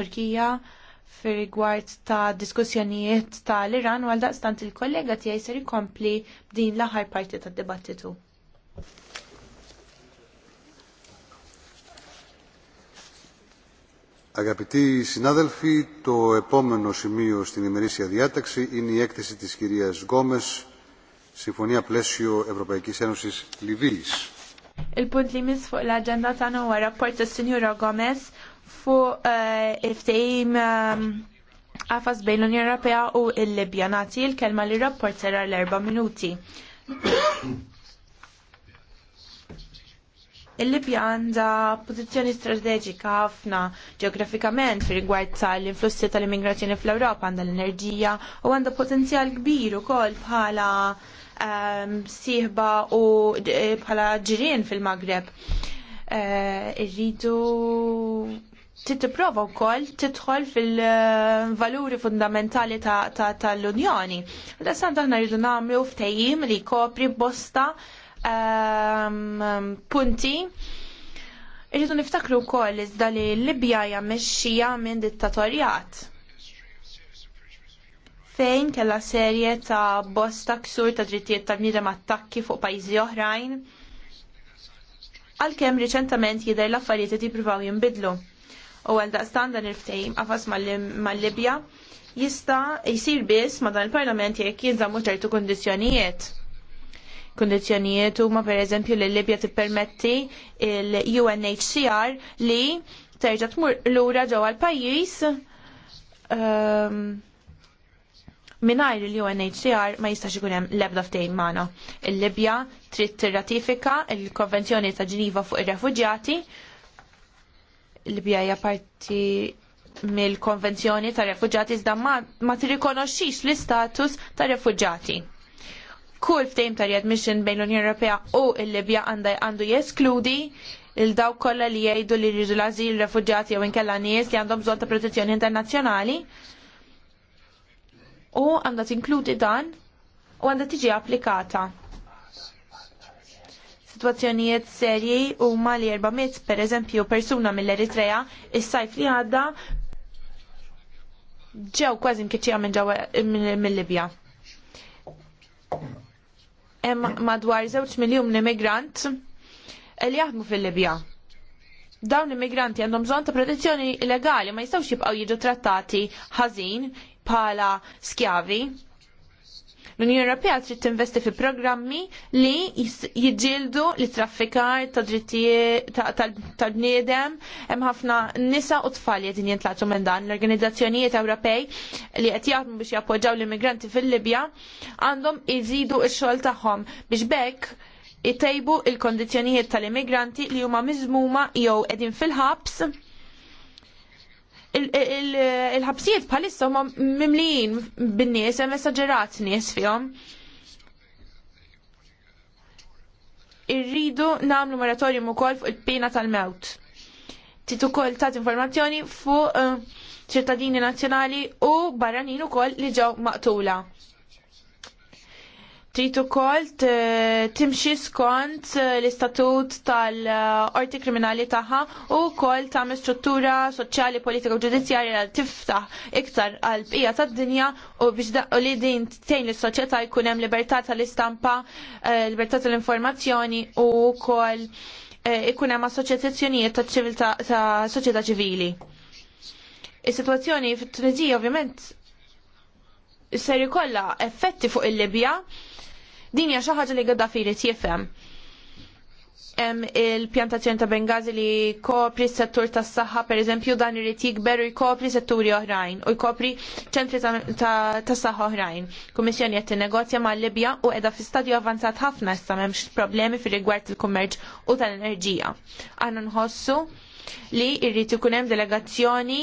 Turkija fir rigward ta' diskussjonijiet ta' l-Iran għal daqstant il-kollega tiegħi ser ikompli din l-aħħar parti tad-dibattitu. Αγαπητοί συνάδελφοι, το επόμενο σημείο στην ημερήσια διάταξη είναι η έκθεση της κυρίας Γκόμες, Συμφωνία Πλαίσιο Ευρωπαϊκής Ένωσης Λιβύης. Il-punt li mis fuq l-agenda tagħna huwa rapport tas-Sinjura Gomez fuq eh, il-ftehim għafas ehm, bejn l-Unjoni Ewropea u l-Libja. Nati l-kelma li rapport sera l-erba' minuti. Il-Libja għandha pożizzjoni strateġika ħafna ġeografikament fi rigward tal-influssi tal-immigrazzjoni fl-Ewropa għandha l-enerġija u għandha potenzjal kbir ukoll bħala um, sieħba u eh, bħala ġirien fil-Magreb. Uh, eh, irridu titiprova u kol titħol fil-valuri fundamentali tal-Unjoni. Ta, ta aħna rridu namlu ftejim li kopri bosta um, punti. Irridu niftakru koll iżda li Libja hija minn dittatorjat fejn kella serje ta' bosta ksur ta' drittijiet ta' bniedem attakki fuq pajjiżi oħrajn għalkemm riċentament jidher l-affarijiet jippruvaw jinbidlu u għal daqstan dan il ftejm għafas mal-Libja jista jisir biss ma dan il-parlament jekk jinżammu ċertu kondizjonijiet. Kondizjonijiet huma pereżempju li l-Libja tippermetti il-UNHCR li terġa' tmur lura ġewwa l-pajjiż ehm, minajr il-UNHCR ma jistax ikun hemm l-ebda ftehim magħna. Il-Libja trid tirratifika l konvenzjoni ta' Ġiniva fuq ir-Refuġjati l hija parti mill-konvenzjoni ta' refugġati iżda ma, ma tirrikonoxxix l-istatus ta' refugġati. Kull ftehim ta' readmission bejn l-Unjoni Ewropea u l-Libja għandu jeskludi il daw kollha li jgħidu li jridu l-azil refugġati jew inkella nies li għandhom bżonn ta' protezzjoni internazzjonali u għandha tinkludi dan u għandha tiġi applikata situazzjonijiet serji u mali 400 per eżempju persuna mill-Eritrea is-sajf li għadda ġew kważi mkiċċija minn ġewwa mill-Libja. Hemm madwar 2 miljun immigrant li jaħdmu fil-Libja. Dawn l-immigranti għandhom bżonn ta' protezzjoni legali ma jistgħux jibqgħu jiġu trattati ħażin bħala skjavi L-Unjoni Ewropea trid tinvesti fi programmi li jiġġieldu li traffikar ta' drittijiet ta' bniedem hemm ħafna nisa u tfal li qegħdin jintlaqtu minn dan. L-organizzazzjonijiet Ewropej li qed jaħdmu biex jappoġġaw l-immigranti fil-Libja għandhom iżidu x-xogħol tagħhom biex bekk itejbu il-kondizzjonijiet tal-immigranti li huma miżmuma jew qegħdin fil-ħabs il-ħabsijiet palissa ma mimlijin bin-nies hemm esaġerat nies fihom. Irridu nagħmlu moratorium ukoll fuq il-pena tal-mewt. Tit ukoll tat informazzjoni fuq eh, ċittadini nazzjonali u barranin ukoll li ġew maqtula. Trid ukoll timxi skont eh, l-istatut tal-qorti kriminali tagħha u wkoll tagħmel struttura soċjali, politika u ġudizzjarja li tiftaħ iktar għal bqija tad-dinja u biex li din tgħin lis-soċjetà jkun hemm libertà tal-istampa, eh, libertà tal-informazzjoni u wkoll eh, ikun hemm assoċjazzjonijiet ta' soċjetà ċivili. Is-sitwazzjoni fit tuniżija ovvjament ser jkollha effetti fuq il-Libja Din hija xi ħaġa li Gaddafi jrid jifhem hemm il-pjantazzjoni ta' Bengazi li kopri s-settur tas saħħa pereżempju dan irid jikber u jkopri setturi oħrajn u jkopri ċentri tas saħħa oħrajn. Kummissjoni qed tinnegozja mal Libja u qiegħda fi stadju avanzat ħafna issa m'hemmx problemi fir rigward il-kummerċ u tal-enerġija. Aħna nħossu li jrid ikun hemm delegazzjoni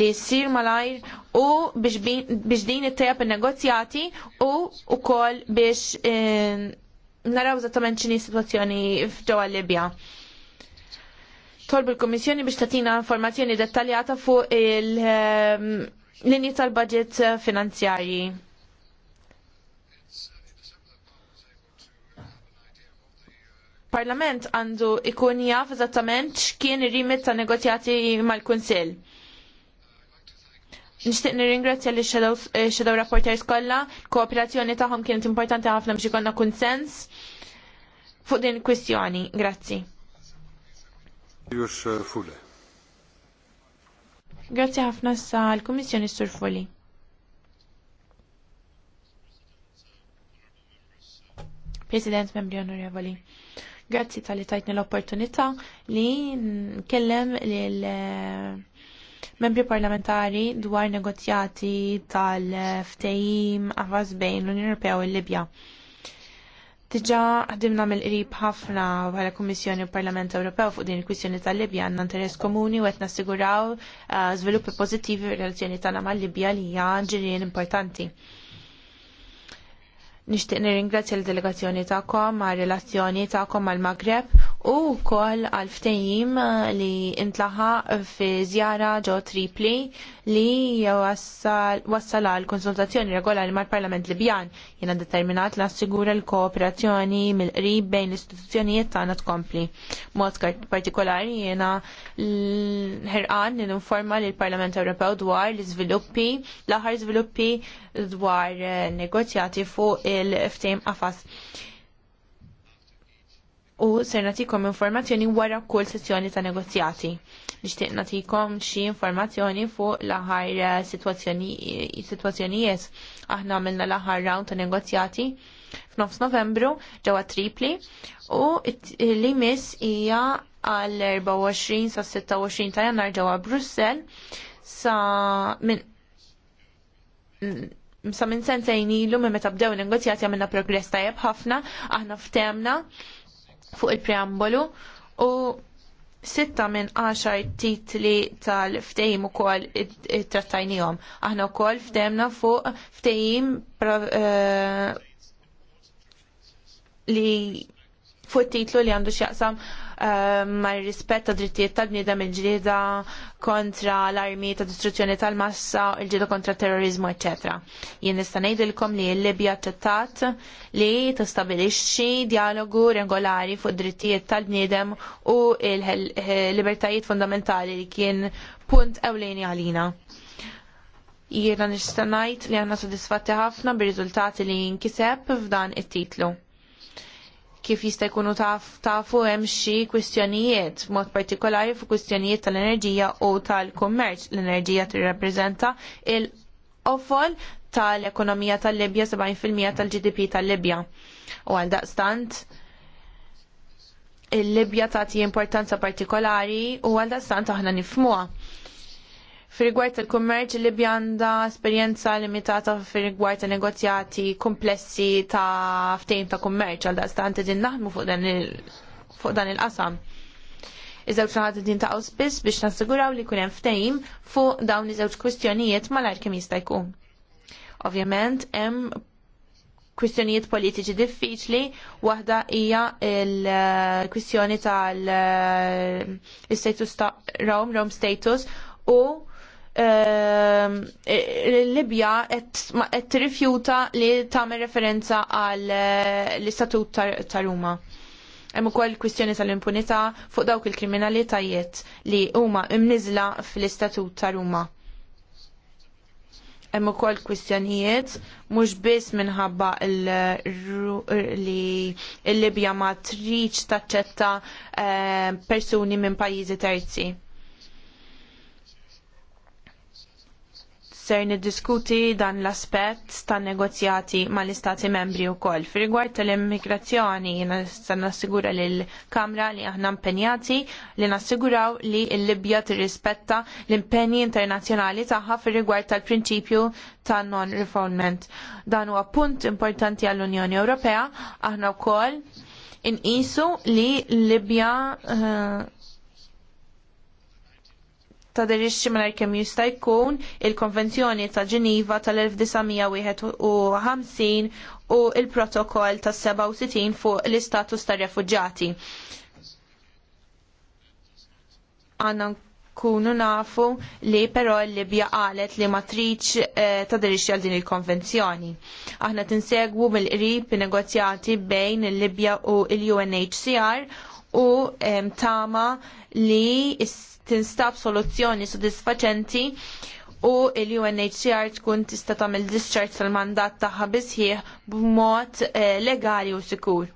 li ssir malajr u biex din it-tajab il-negozjati u wkoll biex eh, naraw eżattament x'inhi situazzjoni f'ġewwa Libja tolbu l-Komissjoni biex tatina informazzjoni dettaljata fuq il-linji eh, tal-budget finanzjarji. il-Parlament għandu ikun jaf eżattament x'kien ir-rimit ta' negozjati mal-Kunsill. Nishtiq nirringrazzja li eh, shadow rapporters kollha, kooperazzjoni tagħhom kienet importanti ħafna biex ikonna kunsens fuq din il-kwistjoni. Grazzi. Eh, Grazzi ħafna sa l-Kummissjoni Sur Fuli. President Membri Onorevoli. Grazzi tal-li tajtni l-opportunità li nkellem l-membri eh, parlamentari dwar negozjati tal-ftejim għavaz bejn l-Unjoni Ewropea u l-Libja. Tiġa ħdimna mill-qrib ħafna bħala Kummissjoni u Parlament Ewropew fuq din il-kwistjoni tal-Libja għandna interess komuni u qed nassiguraw eh, żviluppi pożittivi r-relazzjoni tagħna mal-Libja li hija ġirien importanti. Nixtieq nirringrazzja l-delegazzjoni tagħkom ma' relazzjoni tagħkom mal maghreb u kol għal ftehim li intlaħaq fi żjara ġo Tripli li wassal għal konsultazzjoni regolari mal-Parlament Libjan jiena determinat li assigura l-kooperazzjoni mill-qrib bejn l-istituzzjonijiet tagħna tkompli. Mod partikolari jiena ħerqan li ninforma lill parlament Ewropew dwar l-iżviluppi, l-aħħar żviluppi dwar negozjati fuq il-ftehim qafas u ser natikom informazzjoni wara kull sessjoni ta' negozjati. Nixtieq natikom xi informazzjoni fuq l-aħħar eh, sitwazzjonijiet. Eh, aħna għamilna l-aħħar round ta' negozjati f'nofs Novembru ġewwa Tripli u li miss hija għal 24 sa 26 ta' Jannar ġewwa Brussell sa minn sa minn sentejn ilu minn meta bdew negozjati għamilna progress tajjeb ħafna, aħna ftemna fuq il-preambolu u sitta minn 10 titli tal-ftejim u kol trattajnijom. Aħna u kol ftejimna fuq ftejim eh, li fuq titlu li għandu xjaqsam Ehm, ma' rispett ta' drittijiet tal-bniedem il-ġlieda kontra l-armi ta' distruzzjoni tal-massa, il-ġlieda kontra terrorizmu, ecc. Jien nista' ngħidilkom li l-Libja ċettat li tistabilixxi dialogu regolari fuq drittijiet tal-bniedem u l-libertajiet fundamentali li kien punt ewlieni għalina. Jiena nista' ngħid li għandna sodisfatti ħafna bir-riżultati li nkiseb f'dan it-titlu kif jista' jkunu tafu hemm xi kwistjonijiet mod partikolari fuq kwistjonijiet tal-enerġija u tal-kummerċ. L-enerġija tirrappreżenta il-ofol tal-ekonomija tal-Libja 70% tal-GDP tal-Libja. U għal daqstant il-Libja tagħti importanza partikolari u għal daqstant aħna nifmuha fir il tal-kummerċ Libja għandha esperjenza limitata fir il negozjati komplessi ta' ftejn ta' kummerċ għal stanti din naħmu fuq dan il-qasam. Iżewġ żewġ naħat din ta' auspis biex nassiguraw li kunem ftejn fuq dawn iż-żewġ kwistjonijiet malajr kemm jista' jkun. Ovvjament hemm kwistjonijiet politiċi diffiċli, waħda hija l-kwistjoni tal-status eh, ta' Rome, Rome status, u Ehm, e, e, Libja qed tirrifjuta li tagħmel referenza għal e, l-istatut ta' Ruma. Hemm ukoll kwistjoni tal-impunità fuq dawk il-kriminalitajiet li huma imniżla fl-istatut ta' Ruma hemm ukoll kwistjonijiet mhux biss minħabba li l-Libja ma tridx taċċetta persuni minn pajjiżi terzi. ser niddiskuti dan l-aspett tan negozjati mal-Istati membri wkoll. Fi rigward tal-immigrazzjoni jiena se nassigura lill kamra li aħna impenjati li nassiguraw li l-Libja tirrispetta l-impenji internazzjonali tagħha fir rigward tal-prinċipju ta' non refoundment Dan huwa punt importanti għall-Unjoni Ewropea aħna wkoll isu li l Libja uh, taderixxi mingħajr kemm jista' jkun il-Konvenzjoni ta' Ġeniva tal-1951 u l protokoll ta' 67 fuq l-istatus tar refuġġati. Għanna nkunu nafu li però l-Libja qalet li ma matriċ eh, taderixxi għal din il-konvenzjoni. Aħna tinsegwu mill-qrib negozjati bejn il-Libja u l-UNHCR u eh, tama li is tinstab soluzzjoni sodisfaċenti u il-UNHCR tkun tista' tagħmel discharge tal-mandat tagħha bisħieħ b'mod eh, legali u sikur.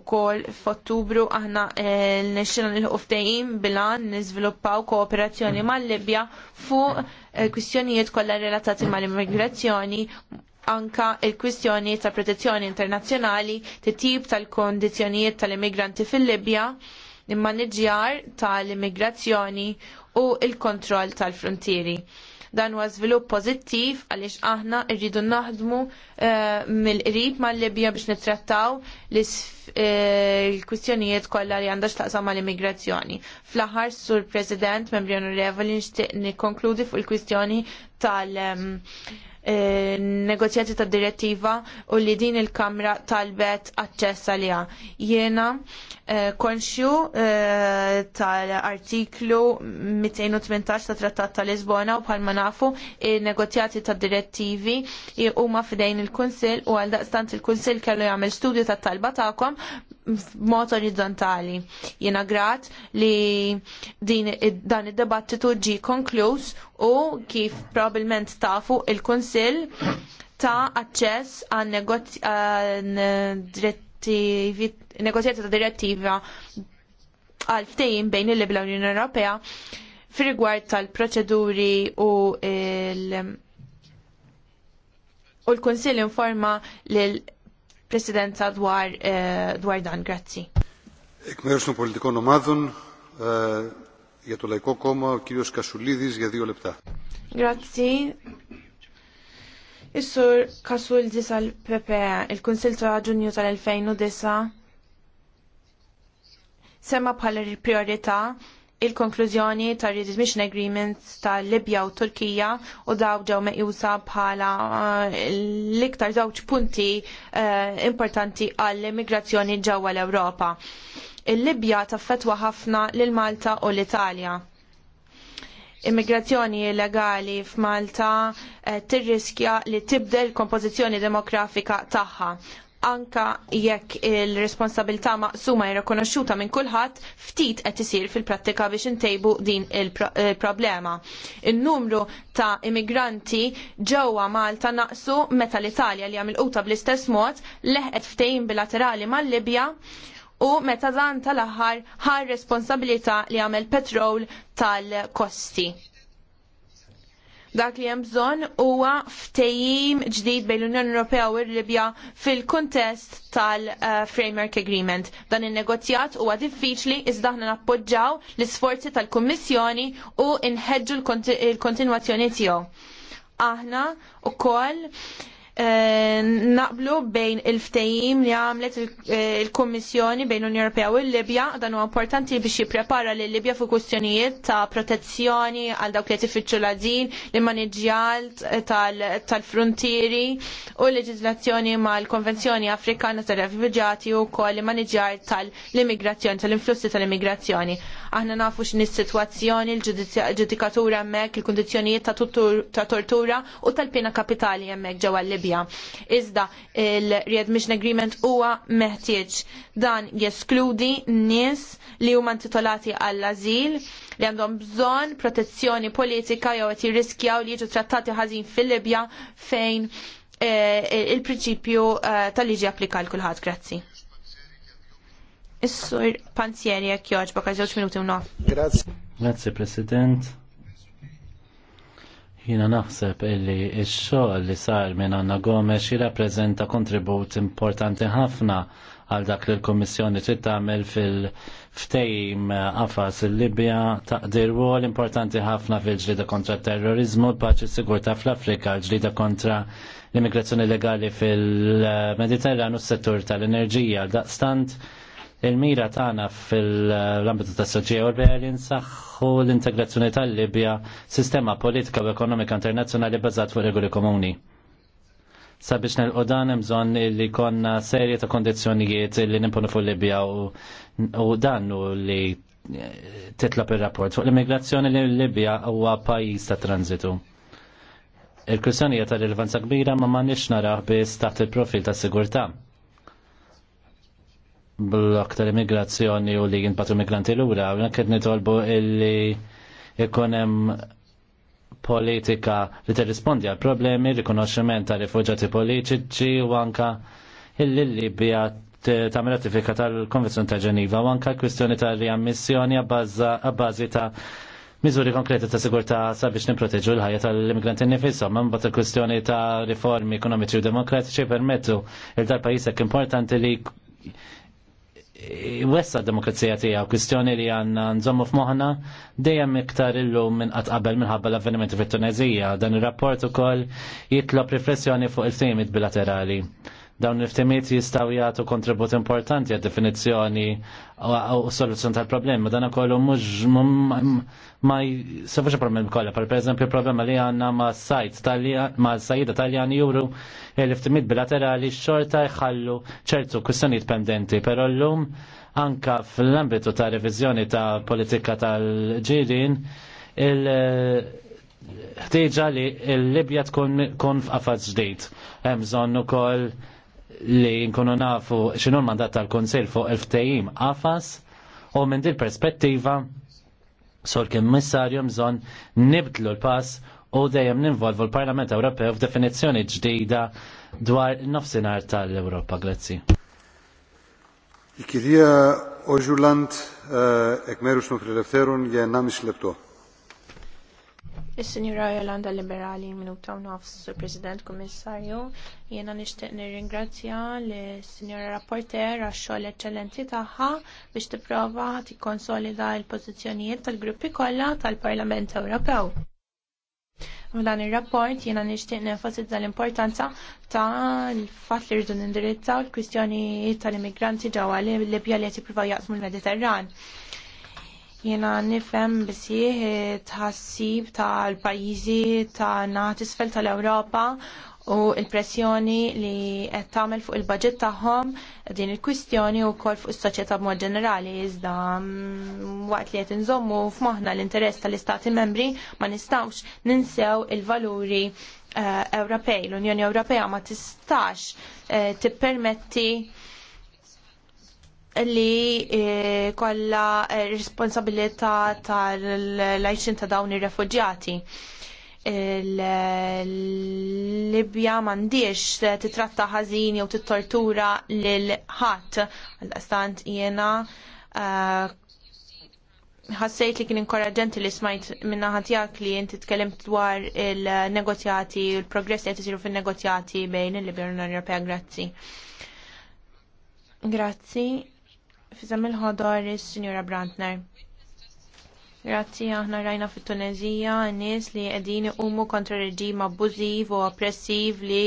Ukoll f'Ottubru aħna eh, l-nexxina nilħu ftehim bilan niżviluppaw kooperazzjoni mal-Libja fuq eh, kwistjonijiet kollha relatati mal-immigrazzjoni anka il-kwistjoni ta' protezzjoni internazzjonali, t-tip tal-kondizjonijiet tal-immigranti fil-Libja il-maniġjar tal-immigrazzjoni u l kontroll tal-frontieri. Dan huwa żvilupp pożittiv għaliex aħna rridu naħdmu eh, mill-qrib mal-Libja biex nittrattaw eh, l-kwistjonijiet kollha li għandha x'taqsam mal-immigrazzjoni. Fl-aħħar sur President, membri onorevoli, nixtieq nikkonkludi fuq il-kwistjoni tal- Eh, negozjati ta' direttiva u li din il-Kamra talbet aċċess għalija. Jiena eh, konxju eh, tal-artiklu 218 ta' Trattat ta' Lisbona u bħalma nafu il-negozjati ta' direttivi huma fidejn il-Kunsill u għal daqstant il-Kunsill kellu jagħmel studju tat talba tagħkom mod orizzontali. Jiena grat li din, dan id-debattitu ġi konkluż u kif probabbilment tafu il-Kunsill ta' aċċess għal negozjati ta' direttiva għal ftejjin bejn il-Libla unjoni Ewropea fir-rigward tal-proċeduri u il- u l-Kunsill informa lil presidenza dwar, eh, dwar dan. Grazzi. Εκ των πολιτικών ομάδων, ε, για το Λαϊκό Κόμμα, ο κύριος Κασουλίδης για δύο λεπτά. Grazie. Is-sur Kasuldi sal-PPE, il-Kunsil ta' Ġunju tal-2009, sema bħala priorità il-konklużjoni tar readmission agreements ta' Libja u Turkija u daw ġew meqjusa bħala eh, l-iktar żewġ punti eh, importanti għall-immigrazzjoni ġewwa l-Ewropa. Il-Libja taffetwa ħafna lil Malta u l-Italja. Immigrazzjoni illegali f'Malta eh, tirriskja li tibdel kompożizzjoni demografika tagħha anka jekk il-responsabilità maqsuma jirrikonoxxuta minn kulħadd ftit qed isir fil-prattika biex intejbu din il-problema. In-numru ta' immigranti ġewwa Malta naqsu meta l-Italja li għamil quta bl-istess mod leħqet ftejn bilaterali mal-Libja u meta dan tal-aħħar ħar responsabilità li għamel petrol tal-kosti dak li hemm bżonn huwa ftehim ġdid bejn l-Unjoni Ewropea u l-Libja fil-kuntest tal-Framework Agreement. Dan in-negozjat huwa diffiċli iżda aħna nappoġġaw l-isforzi tal-Kummissjoni u nħeġġu l-kontinwazzjoni tiegħu. Aħna wkoll Eh, naqblu bejn il-ftejim li għamlet eh, il-Kommissjoni bejn l-Unjoni Ewropea u l-Libja, dan huwa importanti biex jipprepara lil libja fuq kwistjonijiet ta' protezzjoni għal dawk li ifittxu l għażin l immaniġġjal tal-frontieri u l-leġiżlazzjoni mal-Konvenzjoni Afrikana tar refuġjati u koll l tal-immigrazzjoni, tal-influssi tal-immigrazzjoni. Aħna nafu x'in is-sitwazzjoni, l-ġudikatura hemmhekk, il-kundizzjonijiet ta' tortura u tal-pina kapitali hemmhekk ġewwa l-Libja Russja. Iżda il-Readmission Agreement huwa meħtieġ. Dan jeskludi nies li huma intitolati għall-azil li għandhom bżonn protezzjoni politika jew qed jirriskjaw li jiġu trattati ħażin fil-Libja fejn eh, il-prinċipju eh, tal-liġi applika l-kulħadd. Grazzi. Is-sur panzieri jekk jogħġbok għal żewġ minuti u nof. Grazzi. Grazzi President. Jina naħseb illi il-xogħol li sar minn Anna Gomes jirrappreżenta kontribut importanti ħafna għal dak li l-Kommissjoni trid tagħmel fil-ftejm qafas il-Libja taqdir wol importanti ħafna fil-ġlida kontra terrorizmu, paċi sigurta fl-Afrika, ġlida kontra l-immigrazzjoni legali fil-Mediterran u s-settur tal-enerġija. Daqstant, Il-mira tagħna fil-ambitu ta' soġġija Ewropea li nsaħħu l-integrazzjoni tal-Libja sistema politika u ekonomika internazzjonali bbażat fuq regoli komuni. Sabiex nelqu dan hemm bżonn li konna serje ta' kondizzjonijiet li nimponu fuq Libja u dan u li titlob ir-rapport fuq l-immigrazzjoni li Libja huwa pajjiż ta' tranzitu. Il-kwistjoni ta' rilevanza kbira ma ma nix naraħ biss taħt il-profil ta' sigurtà bl-aktar immigrazzjoni u li jinbatu migranti l-ura, għuna kħed nitolbu illi ikonem politika li t-rispondi għal problemi, rikonoxximent ta' rifugġati politiċi u anka il-Libja ta' ratifika tal-Konvenzjoni ta' Ġeniva u anka kwistjoni ta' riammissjoni għabbażi ta' miżuri konkreti ta' sigurta sabiex niproteġu l-ħajja tal-immigranti nifisom, ma' mbata il ta' riformi ekonomiċi u demokratiċi permettu il-dar pajisek importanti li wessa demokrazija tiegħu kwistjoni li għandna nżommu f'moħħna dejjem iktar illum minn qatt qabel minħabba l-avvenimenti fit-Tunezija. Dan ir-rapport ukoll jitlob riflessjoni fuq il-temiet bilaterali. Dawn il-ftemiet jistaw jgħatu kontribut importanti għad definizzjoni u soluzzjoni tal-problemi. Dan kollu mux ma jisafux problemi kollha. Per eżempju, problema li għanna ma sajt ma tal taljan juru il-ftemiet bilaterali xorta jħallu ċertu kustanijiet pendenti. Pero l-lum anka fl-ambitu ta' revizjoni ta' politika tal-ġirin il- ħtieġa li l-Libja tkun f'qafat ġdid. Hemm bżonn ukoll li nkunu nafu xinu l-mandat tal-Konsil fuq il-ftejim għafas u minn dil perspettiva sor kemmissarju mżon nibdlu l-pass u dejjem ninvolvu l-Parlament Ewropew f'definizzjoni ġdida dwar nofsinhar tal-Ewropa. Grazzi. Η κυρία Οζουλάντ εκ l των Φιλελευθέρων για 1,5 Is-Sinjura Jolanda Liberali minuta u nofs, Sur President Kummissarju, jiena nixtieq nirringrazzja l Sinjura Rapporter għax-xogħol eċċellenti tagħha biex tipprova tikkonsolida l-pożizzjonijiet tal-gruppi kollha tal-Parlament Ewropew. U dan ir rapport jiena nixtieq nenfasizza l-importanza ta' l fatt li rridu nindirizzaw l-kwistjoni tal-immigranti ġewwa Libja li qed jippruvaw jaqsmu l-Mediterran. Jena nifem bisieħ tħassib tal-pajizi ta' nat isfel tal-Ewropa u il-pressjoni li qed tagħmel fuq il-budget tagħhom din il-kwistjoni wkoll fuq is-soċjetà b'mod ġenerali iżda mm, waqt li qed inżommu f'moħħna l-interess tal-istati membri ma nistgħux ninsew il-valuri eh, Ewropej. L-Unjoni Ewropea ma tistax eh, tippermetti li eh, kolla eh, responsabilità tal-lajxin ta' dawn ir-refuġjati. Eh, Libja mandiex titratta ħażin jew tittortura lil ħadd għal-istant jiena ħassejt li kien inkoraġenti li smajt minna ħatijak li inti tkellimt dwar il-negozjati, il-progress li jtisiru fil-negozjati bejn il-Libja l-Unjoni Ewropea. Grazzi. Grazzi. Fizam il-ħodor is-Sinjura Brantner. Grazzi aħna rajna fit tunezija nies li qegħdin umu kontra reġim abbużiv u oppressiv li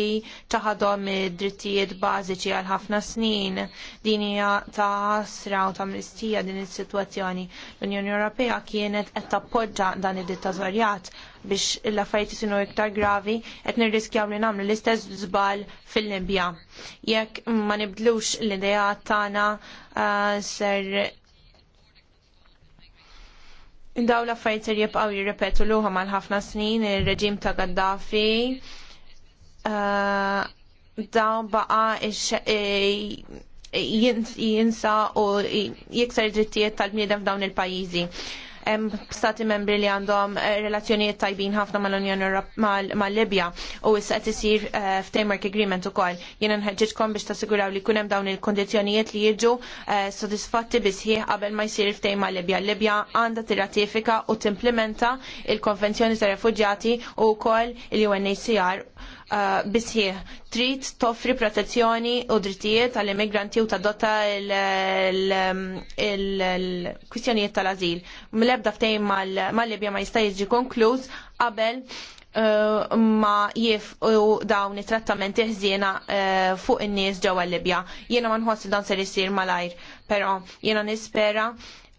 taħadhom id-drittijiet bażiċi għal ħafna snin. Din hija ta' ħasra u ta' mlistija din is-sitwazzjoni. L-Unjoni Ewropea kienet qed tappoġġa dan id-dittatorjat biex l-affarijiet isinu iktar gravi qed nirriskjaw li nagħmlu l-istess żball fil-Libja. Jekk ma nibdlux l-idea tagħna uh, ser Indaw l-affarijiet li jibqgħu jirrepetu luha mal ħafna snin ir-reġim ta' Gaddafi eh, Daw baqa eh, jinsa u jiksar drittijiet tal-bniedem f'dawn il-pajjiżi hemm stati membri li għandhom eh, relazzjonijiet tajbin ħafna mal-Unjoni mal-Libja u issa qed isir eh, framework agreement ukoll. Jiena nħeġġitkom biex tassiguraw li jkun hemm dawn il kundizzjonijiet li jiġu eh, sodisfatti bisħieħ qabel ma jsir ftehim mal-Libja. Libja għandha tirratifika u timplementa il-Konvenzjoni tar Refuġjati u wkoll il-UNHCR Eh, bisħieħ trid toffri protezzjoni u drittijiet għall immigranti u tadotta il-kwistjonijiet tal-azil. Mlebda ftejn mal-Libja ma jista' jiġi konkluż qabel eh, ma jif u dawn it-trattamenti ħżiena eh, fuq in-nies ġewwa Libja. Jiena ma nħossi dan ser isir malajr, però jiena nispera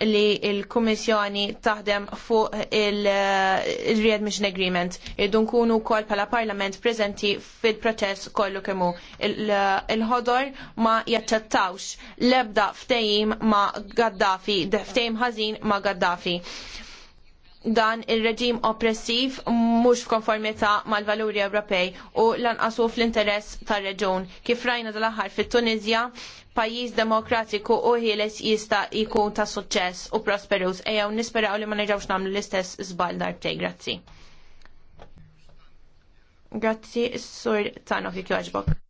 li il-Kummissjoni taħdem fuq il-Readmission eh, Agreement. Irdu nkunu kol pala Parlament prezenti fil-proċess kollu kemmu. Eh, il-ħodor ma jaċċettawx lebda ftejim ma Gaddafi, ftejim ħażin ma Gaddafi dan il-reġim oppressiv mhux f'konformità mal-valuri Ewropej u lanqasu fl-interess tar-reġun. Kif rajna dal-aħħar fit-Tunizja, pajjiż demokratiku u ħieles jista' jkun ta' suċċess u prosperus ejjew nisperaw li ma nerġgħux nagħmlu l-istess żball darbtej. Grazzi. Grazzi, Sur Tanok, jogħġbok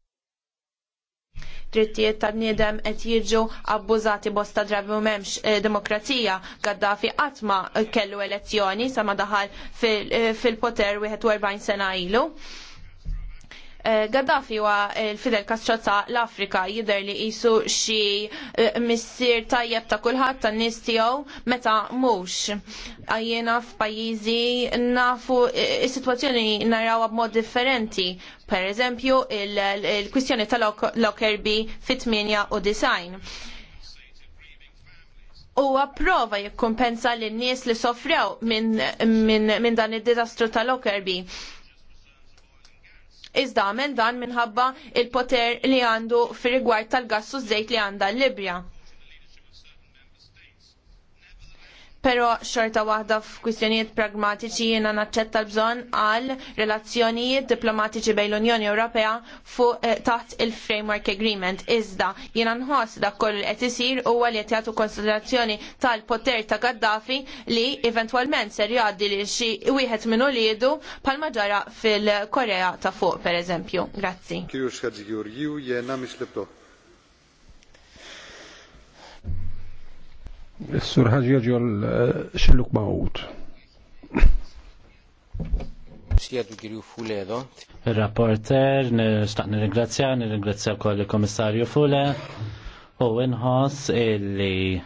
drittijiet tan-niedem qed jiġu abbużati bosta drabi u m'hemmx eh, demokrazija. Gaddafi qatt ma kellu elezzjoni sa ma daħal eh, fil-poter 41 sena ilu. Eh, Gaddafi wa l-Fidel Castro ta' l-Afrika jidher li jisu xi eh, missier tajjeb ta' kulħadd tan nies tiegħu meta mhux. Għajjena f'pajjiżi nafu eh, s sitwazzjoni narawha b'mod differenti. Per eżempju, il-kwistjoni ta' Lockerbie fit-8 u design u approva jikkompensa l nies li sofrew minn min, min dan id-dizastru ta' okerbi iżda għamel dan minħabba il-poter li għandu fir rigward tal-gassu żejt li għandha l-Libja. pero xorta waħda f'kwistjonijiet pragmatiċi jiena naċċetta l-bżonn għal relazzjonijiet diplomatiċi bejn l-Unjoni Ewropea fuq eh, taħt il-Framework Agreement. Iżda jiena nħoss dak kollu li qed isir huwa li qed jagħtu konsiderazzjoni tal-poter ta' Gaddafi li eventwalment ser jgħaddi li xi wieħed minn uliedu palma ġara fil-Korea ta' fuq pereżempju. Grazzi. Sur ħagġi ġol xilluk eh, maħut. Il-rapporter, nistaq nirringrazzja, nirringrazzja wkoll il-Komissarju Fule u inħoss illi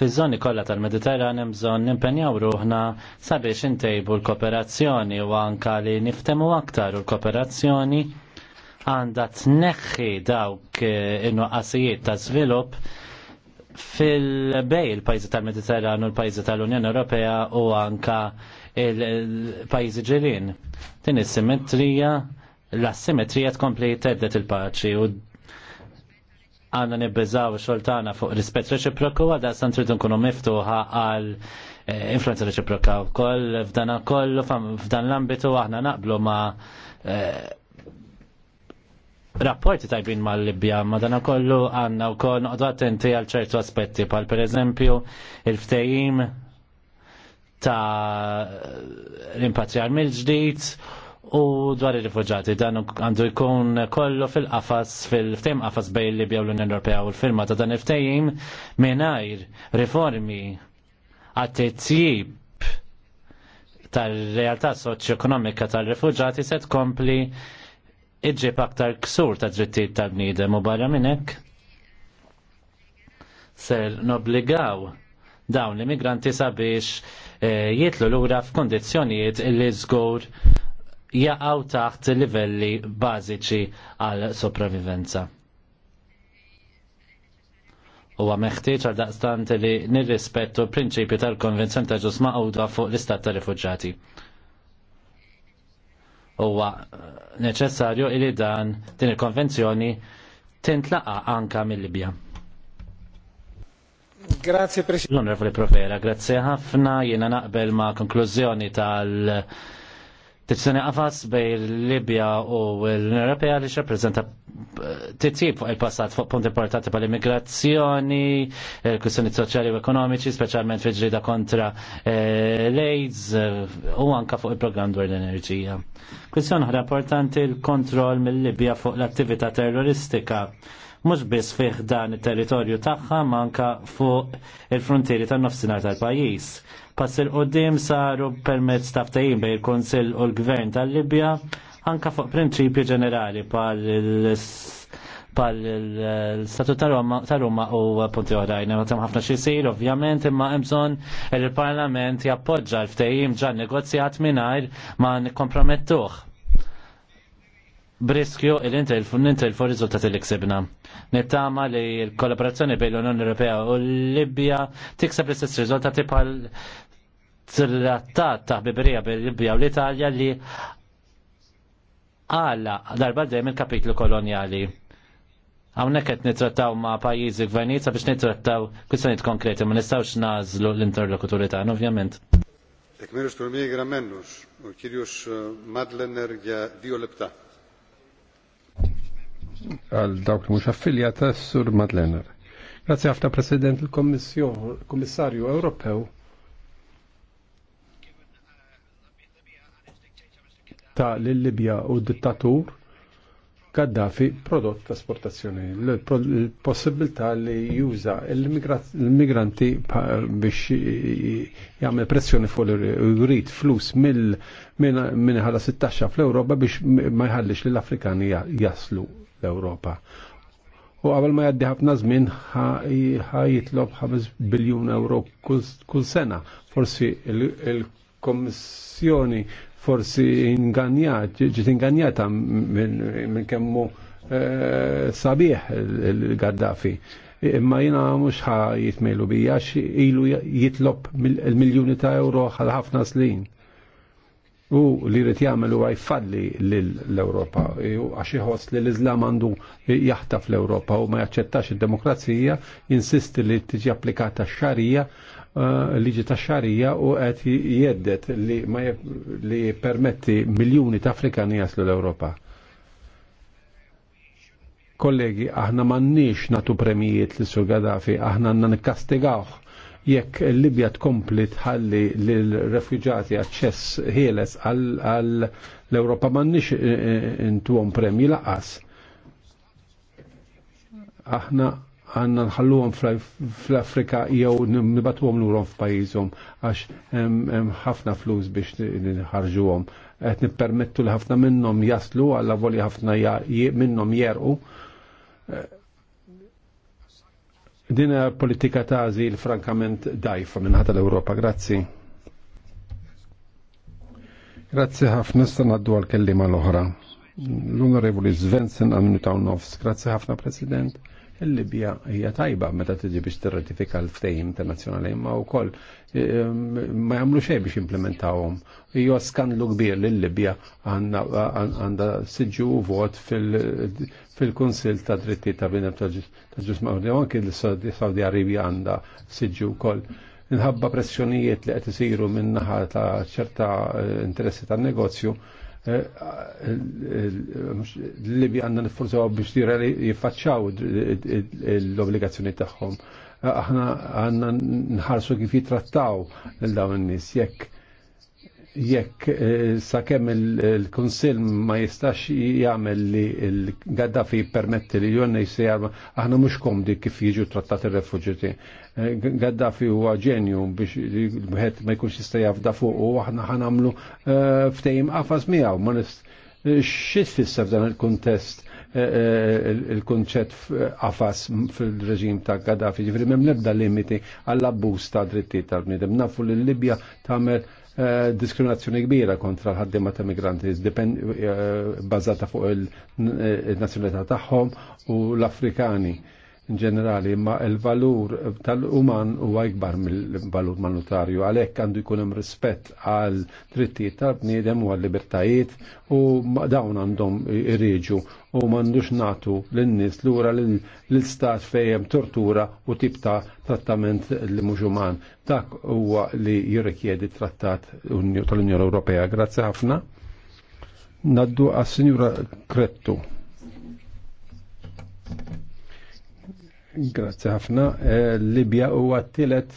fiż-żoni kollha tal-Mediterran imżon bżonn nimpenjaw ruħna sabiex intejbu l-kooperazzjoni u anka li niftemu aktar u l-kooperazzjoni għandha tneħħi dawk eh, in-nuqqasijiet ta' żvilupp fil-bej il-pajzi tal-Mediterranu, il-pajzi tal-Unjoni Ewropea u anka il-pajzi ġirin. Din is-simmetrija, l-assimetrija tkompli teddet il-paċi u għanna nibbeżaw xoltana fuq rispet reċiproku għadda san tridu nkunu miftuħa għal eh, influenza reċiproka u koll f'dan kollu f'dan l-ambitu aħna naqblu ma' eh, rapporti tajbin mal-Libja, ma dan kollu għanna u kol noqdu attenti għal ċertu aspetti, pal per eżempju il-ftejim ta' l l-impatriar mill-ġdijt u dwar il-rifugġati. Dan għandu jkun kollu fil-qafas, fil-ftejim qafas bej l libja u l-Unjoni Ewropea u l-firma ta' dan il-ftejim minajr riformi għat-tjib tal-realtà soċjo ekonomika tal-rifugġati se tkompli kompli iġġib aktar ksur ta' drittijiet tal-bniedem u barra minn hekk ser nobligaw dawn l-immigranti sabiex jitlu eh, jitlu lura f'kondizzjonijiet li żgur jaqgħu taħt livelli bażiċi għal sopravivenza. Huwa meħtieġ għal daqstant li nirrispettu prinċipju tal-Konvenzjoni ta' Ġus għawda fuq l-Istat ta' rifugġati huwa eh, neċessarju li dan din il-konvenzjoni tintlaqa anka mill-Libja. Grazie Presidente. L-Onorevoli Provera, grazie ħafna. Jiena naqbel ma' konklużjoni tal- Tizzjoni għafas bej Libja u l-Unjoni Ewropea li t eh, titjib fuq il-passat fuq punti importanti pal immigrazzjoni kwistjoni soċjali u ekonomiċi, speċjalment fi ġrida kontra eh, l-AIDS eh, u anka fuq il-programm dwar l-enerġija. Kwistjoni ħra importanti l-kontroll mill-Libja fuq l-attività terroristika mhux biss fih dan it-territorju tagħha manka fuq il-frontieri tan-nofsinhar tal-pajjiż. Pass il qoddim saru permezz ta' ftehim bejn il-Kunsill u l-Gvern tal-Libja anka fuq prinċipju ġenerali pal pal statut ta' Roma u punti oħrajn. Ma tam ħafna xisir, ovvjament, imma imżon il-Parlament jappoġġa l-ftejim ġan negozjat minnajr ma' kompromettuħ briskju il-intelfu nintelfu rizultat li ksibna. Nittama li l-kollaborazzjoni bejn l-Unjoni Ewropea u l-Libja tikseb l-istess riżultati bħal trattat ta' biberija bil libja u l-Italja li għala darba dejjem il-kapitlu koloniali. Għawnek qed nitrattaw ma' pajjiżi gvernijiet sabiex nitrattaw kwistjonijiet konkreti ma nistgħux nażlu l-interlokuturi tagħna ovvjament. Ekmerus turmija gramenus, u kirjus eh, Madlener ja dio lepta għal dawk li mhux affiljata sur Madlener. Grazzi ħafna President il-Kommissarju Ewropew ta' l-Libja u dittatur Gaddafi prodott ta' esportazzjoni, l-possibilità li juża l-migranti biex jagħmel pressjoni fuq l-urit flus mill minn ħala 16 fl-Ewropa biex ma jħallix lill-Afrikani jaslu l europa U qabel ma jaddi ħafna żmien ħajitlob 5 biljun euro kull sena. Forsi il-Kommissjoni forsi inganjat, ġiet inganjata minn kemmu eh, sabiħ il-Gaddafi. Imma jina mux ħa jitmejlu bija, ilu jitlob il-miljoni ta' euro għal ħafna slin u li rrit jagħmel huwa jfalli l-Ewropa e, għax iħoss li l-Iżlam għandu jaħtaf l-Ewropa u ma jaċċettax id-demokrazija, insisti li tiġi applikata x-xarija e, liġi ta' xarija u qed jeddet li ma li permetti miljuni ta' Afrikani jaslu l-Ewropa. Kollegi, aħna m'għandniex natu premijiet li sur Gaddafi, aħna għandna nikkastigawh jekk Libja tkompli tħalli l-refuġati aċċess ħieles għal l-Europa mannix eh, eh, intuhom premji laqas. Aħna għanna nħalluhom fl-Afrika jew nibatuhom lurhom f'pajjiżhom għax hemm ħafna flus biex nħarġuhom. Qed nippermettu li ħafna minnhom jaslu għal voli ħafna minnhom jerqu eh, Dina politika ta' azil frankament dajfa ħata l-Europa, grazzi. Grazzi ħafna sanaddu għal-kellima l-oħra. L-Onorevoli Svensson għal-minuta nofs. Grazzi ħafna, President il-Libja hija tajba meta tiġi biex tirratifika l ftej internazzjonali imma wkoll ehm, ma jagħmlu xejn biex implementawhom. Hija skandlu kbir lil Libja għandha siġġu vot fil-Kunsill ta' Dritti ta' Bina ta' Ġus Mawdi, anki l-Saudi Arabia għandha siġġu wkoll minħabba pressjonijiet li qed isiru min-naħa ta' ċerta eh, interessi tan-negozju l libi għanna nifforzaw biex dira li jiffaċċaw l-obbligazzjoni tagħhom. Aħna għanna nħarsu kif jitrattaw l-dawn n-nis jekk jekk eh, sakemm il-Kunsill ma jistax jagħmel li l-Gaddafi jippermetti li jonna jsejjar aħna mhux komdi kif jiġu trattati ir-refuġiti. Eh, Gaddafi huwa ġenju biex wieħed ma jkunx jista' jafda fuq u aħna ħanamlu eh, ftehim qafas miegħu ma xis fisser dan il kuntest il-konċett qafas fil-reġim ta' Gaddafi, ġifri mem nebda limiti għall-abbuż ta' drittijiet tal-bnidem. Nafu li Libja tagħmel Eh, diskriminazzjoni kbira kontra ħaddima ta' migranti eh, bazzata fuq eh, il-nazzjonalità tagħhom u l-Afrikani ġenerali, ma il-valur tal-uman huwa ikbar mill-valur monetarju, għalhekk għandu jkun hemm rispett għal drittijiet tal-bniedem u għall-libertajiet u dawn għandhom irriġu u m'għandux natu lin-nies lura l-istat fejjem tortura u tip ta' trattament li mhux uman. Dak huwa li jirrikjedi trattat tal-Unjoni Ewropea. Grazzi ħafna. Naddu għas-Sinjura Krettu. Grazzi ħafna. Eh, Libja huwa t-tielet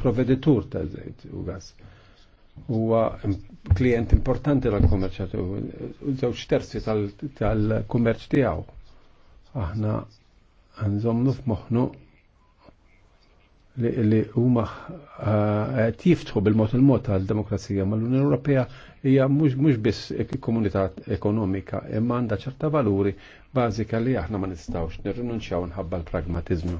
proveditur ta' zejt u gas. Huwa klient importanti tal-kummerċ u żewġ terzi tal-kummerċ tiegħu. Aħna nżommu f'moħħnu li huma eh, qed jiftħu bil-mod il-mod tal demokrazija mal-Unjoni Ewropea hija mhux biss komunità ekonomika imma għandha ċerta valuri bażika li aħna ma nistgħux nirrinunċjaw nħabba l-pragmatiżmu.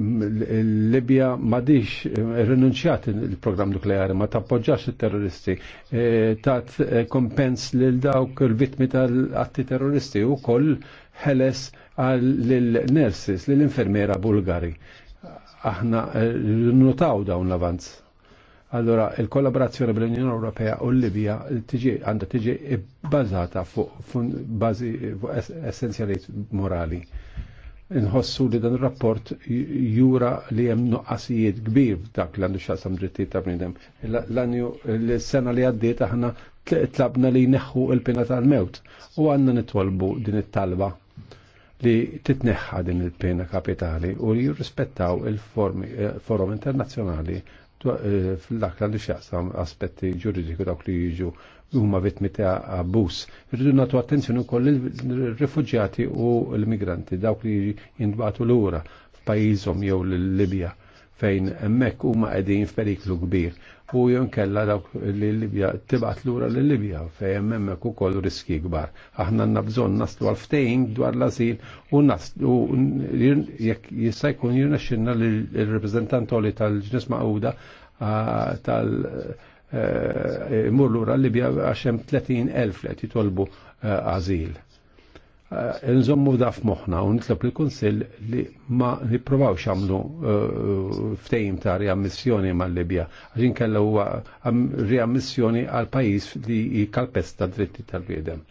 Libja madix eh, rinunċjat il-programm nukleari, ma tappoġġax il-terroristi, eh, tat eh, kompens lil dawk il-vitmi tal-atti terroristi u koll ħeles lil-nersis, lil-infermiera bulgari. Aħna notaw dawn l-avanz Allora, il-kollaborazzjoni bl-Unjoni Ewropea u l-Libja tiġi għandha tiġi bbażata fuq bażi essenzjalijiet morali. Inħossu li dan ir rapport jura li hemm nuqqasijiet kbir dak l-għandu xasam drittijiet ta' bnidem. L-anju l-sena li għaddiet aħna tlabna li neħħu il-pena tal-mewt u għandna nitwolbu din it-talba li titneħħa din il-pena kapitali u li jirrispettaw il-forum eh, internazzjonali fl aktar eh, li xjaqsam aspetti ġuridiku dawk li jiġu huma vittmi ta' abbuż. Irridu nagħtu attenzjoni wkoll il-rifuġjati u l-migranti dawk li jintbagħtu lura f'pajjiżhom jew l-Libja fejn hemmhekk huma qegħdin f'periklu kbir u jonkella dawk li Libja tibat lura li Libja fejn hemmhekk ukoll riski kbar. Aħna għandna bżonn naslu għalftejn dwar l-asil u naslu jekk jista' jkun jirnexxinna l-reprezentant li tal-ġnies M'Aquda tal eh, imur lura Libja għax hemm li qed jitolbu għażil. Eh, Eh, nżommu daf moħna u nitlob il-Kunsill li ma nipprovawx għamlu eh, ftejim ta' riammissjoni mal-Libja, Għin kalla huwa riammissjoni għal pajis li jikalpesta dritti tal-bjedem.